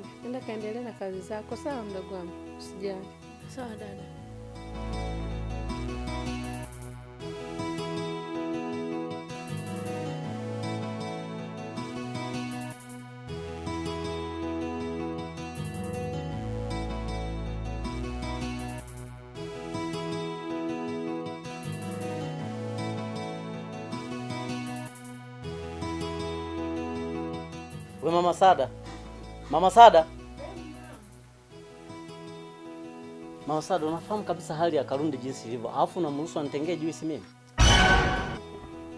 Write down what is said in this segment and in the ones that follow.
sana. Nenda kaendelea na kazi zako, sawa mdogo wangu, usijali. Sawa dada. We mama Sada Mama Sada, Mama Sada, unafahamu kabisa hali ya Karundi jinsi ilivyo, alafu unamruhusu anitengee juisi mimi?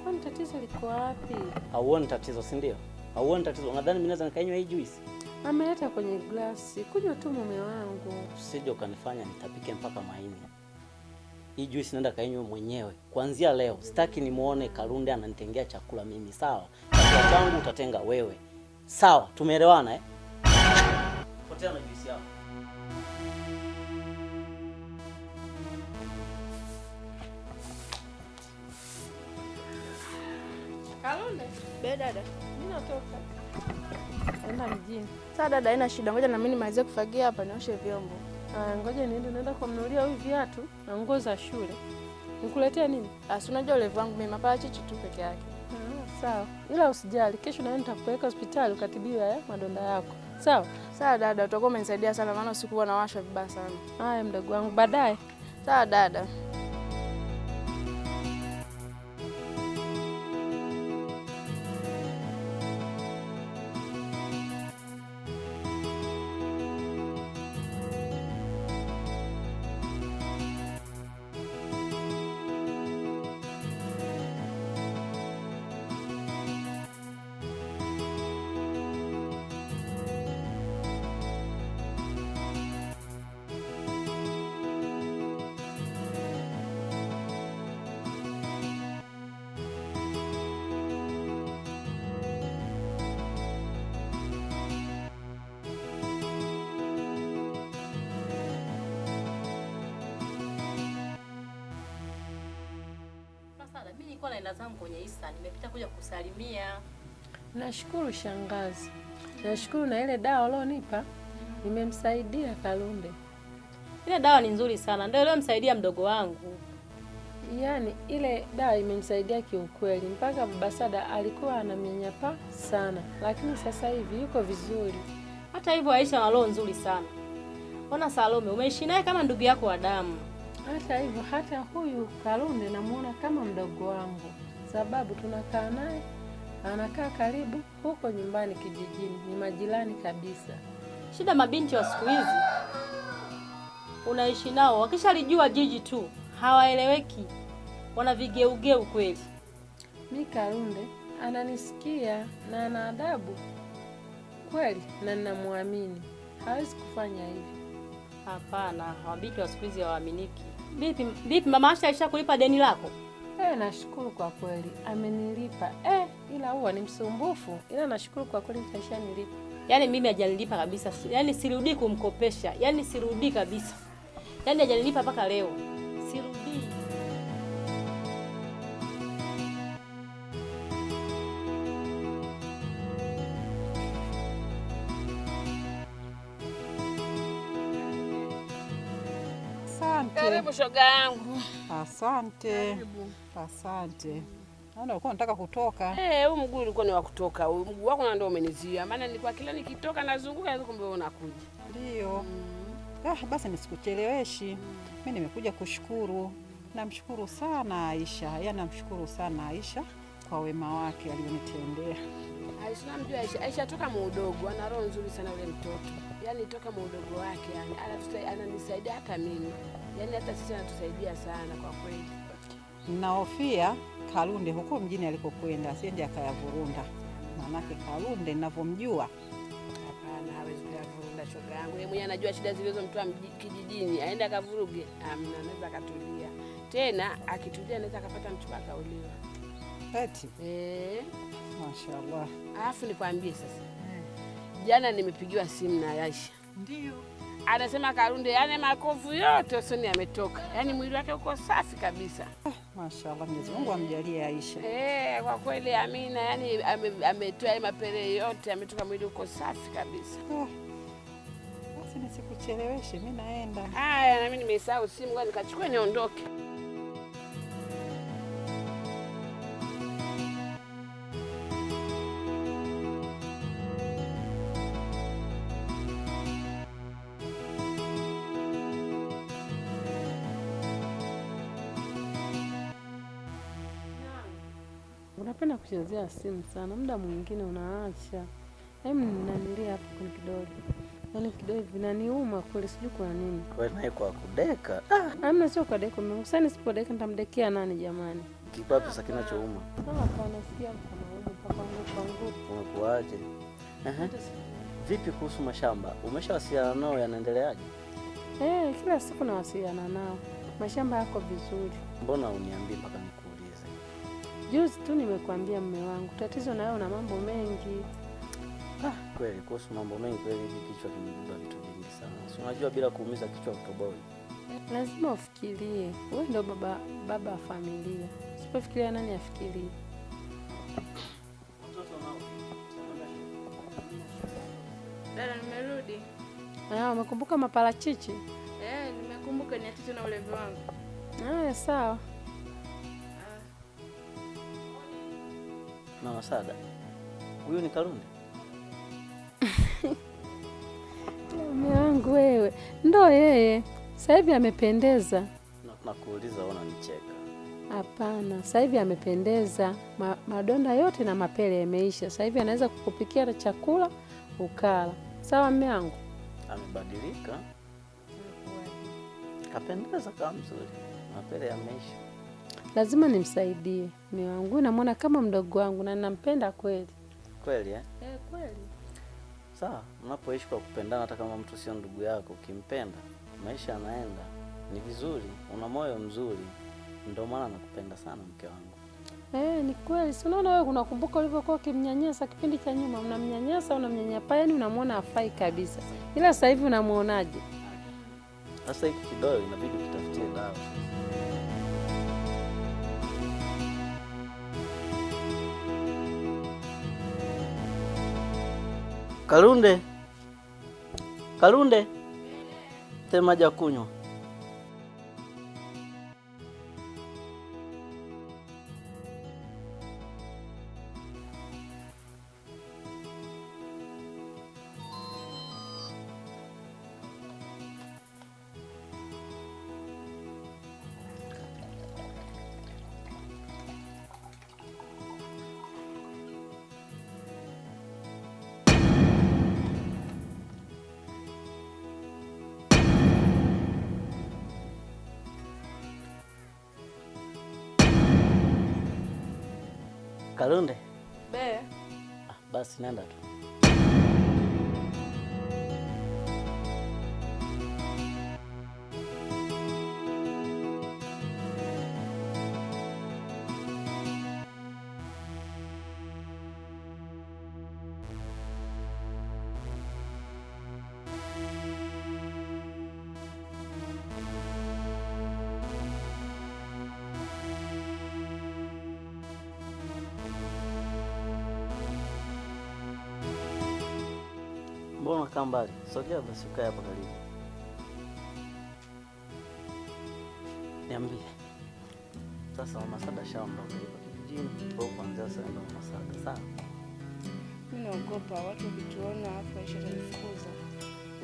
Kwani tatizo liko wapi? Hauoni tatizo, si ndio? Hauoni tatizo? Unadhani mimi naweza nikanywa hii juisi? Ameleta kwenye glasi, kunywa tu mume wangu. Usije ukanifanya nitapike mpaka maini. Hii juisi naenda kainywa mwenyewe kuanzia leo. Sitaki nimuone Karundi ananitengea chakula mimi. Sawa, chakula changu utatenga wewe. Sawa, tumeelewana eh? tena juisi yako. Kalonde. mjini. Sasa dada, haina shida, ngoja na mimi nimalizie kufagia hapa nioshe vyombo. Ah, ngoja niende naenda kumnunulia huyu viatu na nguo za shule. Nikuletea nini? Ah, si unajua ulevu wangu mimi maparachichi tu peke yake. Ah, sawa. Ila usijali, kesho na wewe nitakupeleka hospitali ukatibiwe eh, madonda yako. Sawa sawa dada, utakuwa umenisaidia sana, maana usiku huwa nawasha vibaya sana. Haya mdogo wangu, baadaye. Sawa dada. naenda zangu kwenye Isa, nimepita kuja kusalimia. Nashukuru shangazi, nashukuru na ile dawa ulionipa imemsaidia Kalunde. Ile dawa ni nzuri sana, ndio iliyomsaidia mdogo wangu. Yaani ile dawa imemsaidia kiukweli, mpaka mbasada alikuwa anamnyanyapa sana, lakini sasa hivi yuko vizuri. Hata hivyo, Aisha na roho nzuri sana. Ona Salome, umeishi naye kama ndugu yako wa damu. Hata hivyo, hata huyu Kalunde namuona kama mdogo wangu, sababu tunakaa naye, anakaa karibu huko nyumbani kijijini, ni majirani kabisa. Shida mabinti wa siku hizi unaishi nao, wakishalijua jiji tu hawaeleweki, wana vigeugeu kweli. Mi Kalunde ananisikia na ana adabu kweli, na ninamwamini hawezi kufanya hivyo. Hapana, mabinti wa siku hizi hawaaminiki. Vipi vipi, mama Asha aisha kulipa deni lako? Eh, nashukuru kwa kweli amenilipa. Eh, ila huwa ni msumbufu, ila nashukuru kwa kweli mtaisha nilipa. Yaani mimi hajanilipa kabisa, yaani sirudi kumkopesha, yaani sirudi kabisa, yaani hajanilipa mpaka leo. Karibu shoga yangu. Asante. Karibu. Asante. Naona uko nataka kutoka. Eh, huu mguu ulikuwa ni wa kutoka. Huu mguu wako ndio umenizia. Maana nilikuwa kila nikitoka nazunguka yaani kumbe wewe unakuja. Ndio. Mm. Ah, basi nisikucheleweshi. Mimi nimekuja kushukuru. Namshukuru sana Aisha. Yaani namshukuru sana Aisha kwa wema wake alionitendea. Aisha namjua Aisha. Aisha toka mudogo ana roho nzuri sana yule mtoto, yaani toka mudogo wake yani ananisaidia hata mimi, yaani hata sisi anatusaidia sana kwa kweli. Naofia Kalunde huko mjini alikokwenda asiende akayavurunda, maanake Kalunde ninavyomjua hapana, hawezi kuyavurunda shoga yangu. Yeye mwenyewe anajua shida zilizomtoa kijijini, aende akavuruge, amna, anaweza akatulia tena, akitulia anaweza akapata mchumba akauliwa Eti. Eh. Mashaallah. Alafu nikwambie sasa. Jana nimepigiwa simu na Aisha. Ndio. Anasema Karunde yani makovu yote usoni yametoka, yaani mwili wake uko safi kabisa. Ah, Mashaallah, Mwenyezi Mungu amjalie Aisha. Eh, kwa kweli Amina, yani ametoa ame mapele yote ametoka, mwili uko safi kabisa. Ah. Basi nisikucheleweshe, mimi naenda. Haya, na mimi nimesahau simu, ngoja nikachukue niondoke. Napenda kuchezea simu sana, muda mwingine unaacha. Hebu nanilia hapo kwenye kidole. Yaani kidole vinaniuma kweli sijui kwa nini. Kwa nini kwa kudeka? Ah, amna, sio kwa deka mimi. Sasa nisipodeka nitamdekea nani jamani? Kipapo sasa kinachouma. Kama kwa nasikia kama umu papa nguvu kwa nguvu. Unakuaje? Eh. Vipi kuhusu mashamba? Umeshawasiliana nao yanaendeleaje? Eh, kila siku nawasiliana nao. Mashamba yako vizuri. Mbona uniambii mpaka Juzi tu nimekuambia mme wangu, tatizo na wewe una mambo mengi ah. Kweli kuhusu mambo mengi kweli, hii kichwa kimebeba vitu vingi sana. Si unajua bila kuumiza kichwa utoboi. Lazima ufikirie, wewe ndio baba baba wa familia, usipofikiria nani afikirie? Dada, nimerudi. Ah, umekumbuka maparachichi? Eh, nimekumbuka, ni atizo na ulevi wangu. Haya, ah, sawa. Mama Sada, huyu ni Karundi. Mume wangu wewe, ndo yeye. Sasa hivi amependeza. Nakuuliza nicheka. Hapana, sasa hivi amependeza. Ma, madonda yote na mapele yameisha. Sasa hivi anaweza kukupikia chakula ukala. Sawa, mume wangu amebadilika, kapendeza, kama mzuri, mapele yameisha lazima nimsaidie mi wangu, namwona kama mdogo wangu na nampenda kweli kweli eh? Eh, kweli. Sawa, mnapoishi kwa kupendana, hata kama mtu sio ndugu yako, ukimpenda maisha yanaenda, ni vizuri, una moyo mzuri, ndio maana nakupenda sana mke wangu. Eh, ni kweli. Si unaona wewe unakumbuka ulivyokuwa ukimnyanyasa kipindi cha nyuma, unamnyanyasa unamnyanyapa, yani unamwona afai kabisa, ila sasa hivi unamwonaje? Sasa hiki kidole inabidi Kalunde, Kalunde, tema ja kunywa Kalunde. Be. Ah, basi nenda tu. kaa mbali, sogea basi, ukae hapa karibu. Niambie sasa, mama Sada shaondoka hapa kijijini kwa kuanzia sasa, ndo mama Sada sana. Mimi naogopa watu wakituona hapa Aisha atanifukuza.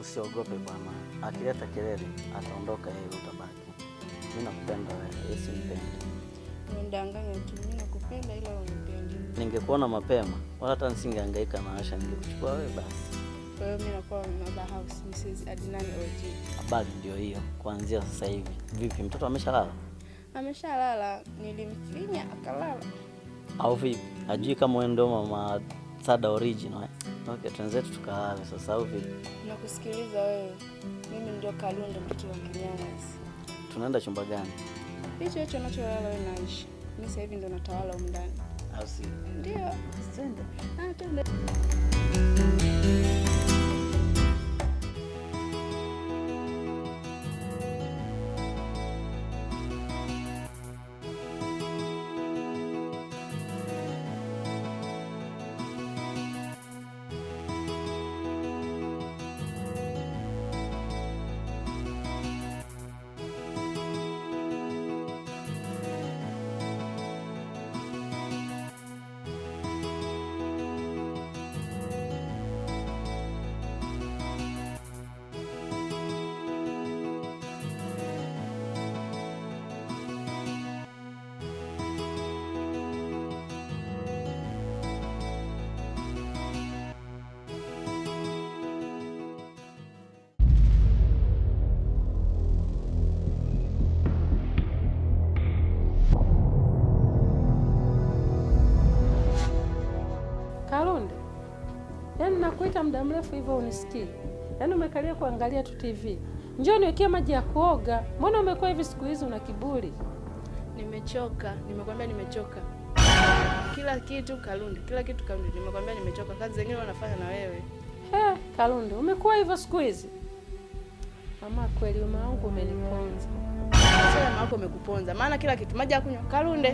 Usiogope bwana, akileta kelele ataondoka yeye, utabaki. Mimi nakupenda wewe, Yesu mpendi ndanganya tu. Mimi nakupenda ila unipendi. Ningekuona mapema wala hata nisingehangaika na Asha, ningekuchukua wewe basi Habari ndio hiyo. Kuanzia sasa hivi. Vipi mtoto ameshalala? Ameshalala, nilimfinya akalala. Au vipi? Hajui kama wewe ndio mama Sada original eh? Okay, twenzetu tukalale sasa au vipi? Nakusikiliza wewe. Mimi ndio Kalundo mtoto wa Kinyangazi. Tunaenda chumba gani? Hicho hicho unacholala wewe naishi. Mimi sasa hivi ndio natawala huko ndani. Au si? Ndio. Twende. Ah, twende. nakuita muda mrefu hivyo unisikii? Yaani umekalia kuangalia tu TV. Njoo niwekee maji ya kuoga. Mbona umekuwa hivi siku hizi una kiburi? Nimechoka, nimekwambia nimechoka. Kila kitu Kalundi, kila kitu Kalundi, nimekwambia nimechoka. Kazi zingine wanafanya na wewe. He, Kalundi, umekuwa hivyo siku hizi. Mama kweli mama wangu umeniponza. Sasa mama wako amekuponza. Maana kila kitu maji ya kunywa Kalundi,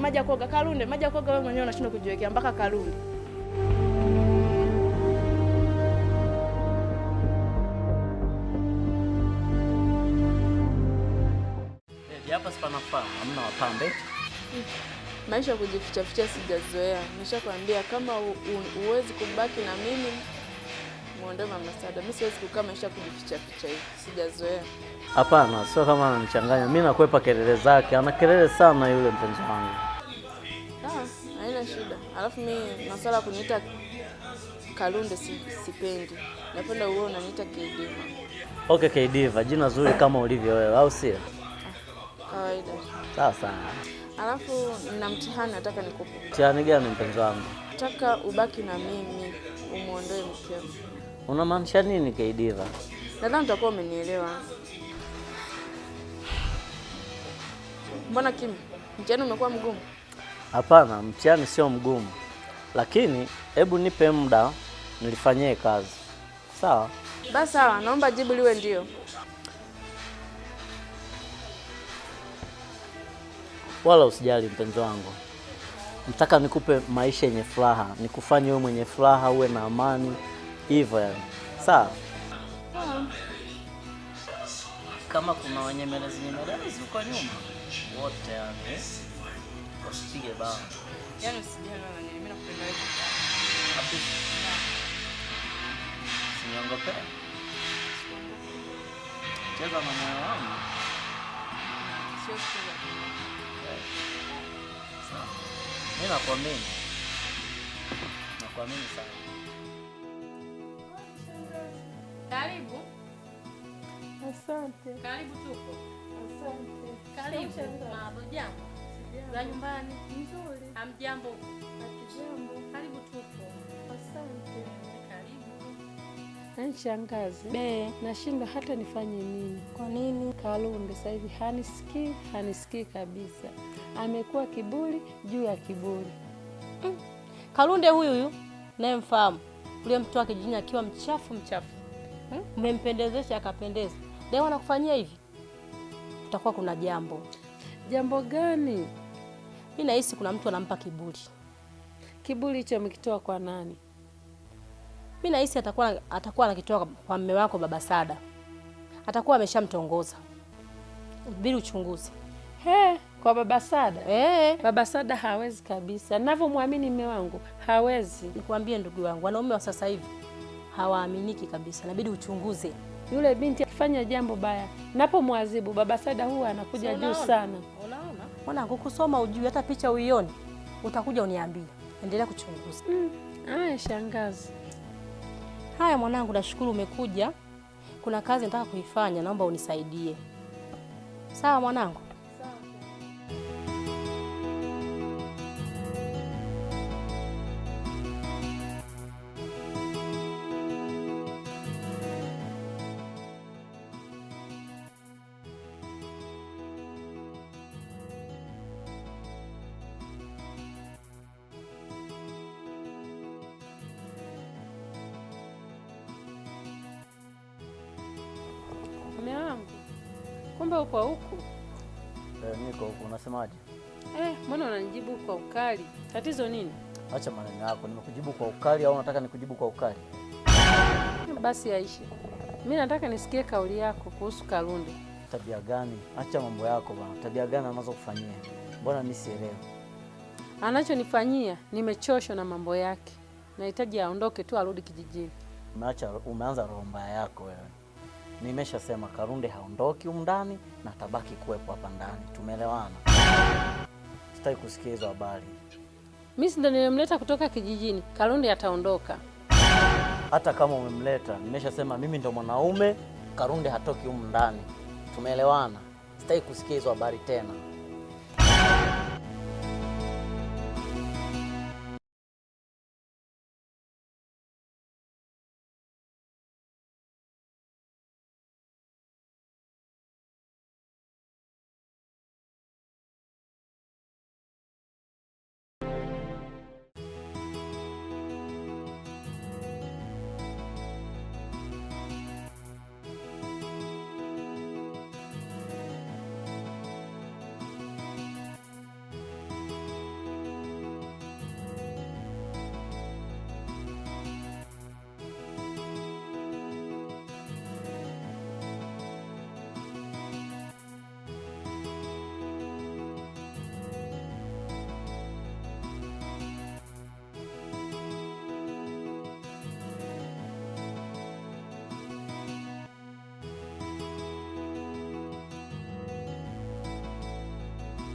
maji ya kuoga Kalundi, maji ya kuoga wewe mwenyewe unashindwa kujiwekea mpaka Kalundi. pambe. Maisha kujificha ficha sijazoea, nishakwambia kama huwezi kubaki na mimi muondoe Mama Sada. Mimi siwezi kukaa maisha kujificha ficha hivi, sijazoea. Hapana, sio kama ananichanganya mimi, nakwepa kelele zake, ana kelele sana yule mpenzi wangu. Ah, haina shida. Alafu mimi masala kuniita Kalunde sipendi, napenda uwe unaniita Kidiva. Okay, Kidiva, jina zuri kama ulivyo wewe, au sio? Ah, kawaida. Sawa sawa. Alafu na mtihani nataka nikupe. Mtihani gani mpenzi wangu? Nataka ubaki na mimi umuondoe mkeo. Unamaanisha nini Kaidiva? Nadhani utakuwa umenielewa. Mbona Kim, mtihani umekuwa mgumu? Hapana, mtihani sio mgumu, lakini hebu nipe muda nilifanyie kazi, sawa? Basi sawa, naomba jibu liwe ndio. Wala usijali mpenzi wangu, nataka nikupe maisha yenye furaha, nikufanye wewe mwenye furaha, uwe na amani, hivyo yani. Sawa? Kama kuna wanyemelezi nyemelezi yaani huko nyuma wote yani, usipige baa yani, usijali na mimi nakupenda wewe. Sinyongope, cheza na moyo wangu. Mimi nakuamini, nakuamini sana. Karibu. Asante. Karibu tuko. Asante. Karibu. Mambo jambo. Za nyumbani? Nzuri. Hatujambo. Karibu Asante. be, nashinda hata nifanye nini. Kwa nini? Kalunde sasa hivi hanisikii, hanisikii kabisa amekuwa kiburi juu ya kiburi. Mm. Kalunde huyu huyu nayemfahamu, uliyemtoa kijijini akiwa mchafu mchafu, mm? Mmempendezesha akapendeza, leo anakufanyia hivi, utakuwa kuna jambo. Jambo gani? Mi nahisi kuna mtu anampa kiburi. Kiburi hicho amekitoa kwa nani? Mi nahisi atakuwa atakuwa anakitoa kwa mme wako baba Sada, atakuwa ameshamtongoza. Ubiri uchunguzi. He, kwa baba Sada hey. Eh. Baba Sada hawezi kabisa, Ninavyomwamini mme wangu hawezi. Nikwambie ndugu wangu, wanaume wa sasa hivi hawaaminiki kabisa, inabidi uchunguze. Yule binti akifanya jambo baya, napomwadhibu baba Sada huwa anakuja juu sana. Unaona, mwanangu, kusoma ujui hata picha uione? Utakuja uniambie. Endelea kuchunguza. Mm. shangazi. Haya mwanangu, nashukuru umekuja. Kuna kazi nataka kuifanya, naomba unisaidie. Sawa mwanangu. kumbe uko huku eh? Niko huku. Unasemaje? Eh, mbona unanijibu kwa ukali? Tatizo nini? Acha maneno yako. Nimekujibu kwa ukali au unataka nikujibu kwa ukali? Basi Aisha, mimi nataka nisikie kauli yako kuhusu karundi Tabia gani? Acha mambo yako bwana. Tabia gani anazokufanyia? Mbona mi sielewi anachonifanyia. Nimechoshwa na mambo yake, nahitaji aondoke tu, arudi kijijini. Umeacha, umeanza roho mbaya yako wewe. Nimeshasema Karunde haondoki umndani na tabaki kuwepo hapa ndani, tumeelewana? Sitaki kusikia hizo habari. Mimi si ndo nimemleta kutoka kijijini. Karunde ataondoka hata kama umemleta. Nimeshasema mimi ndo mwanaume, Karunde hatoki humu ndani, tumeelewana? Sitaki kusikia hizo habari tena.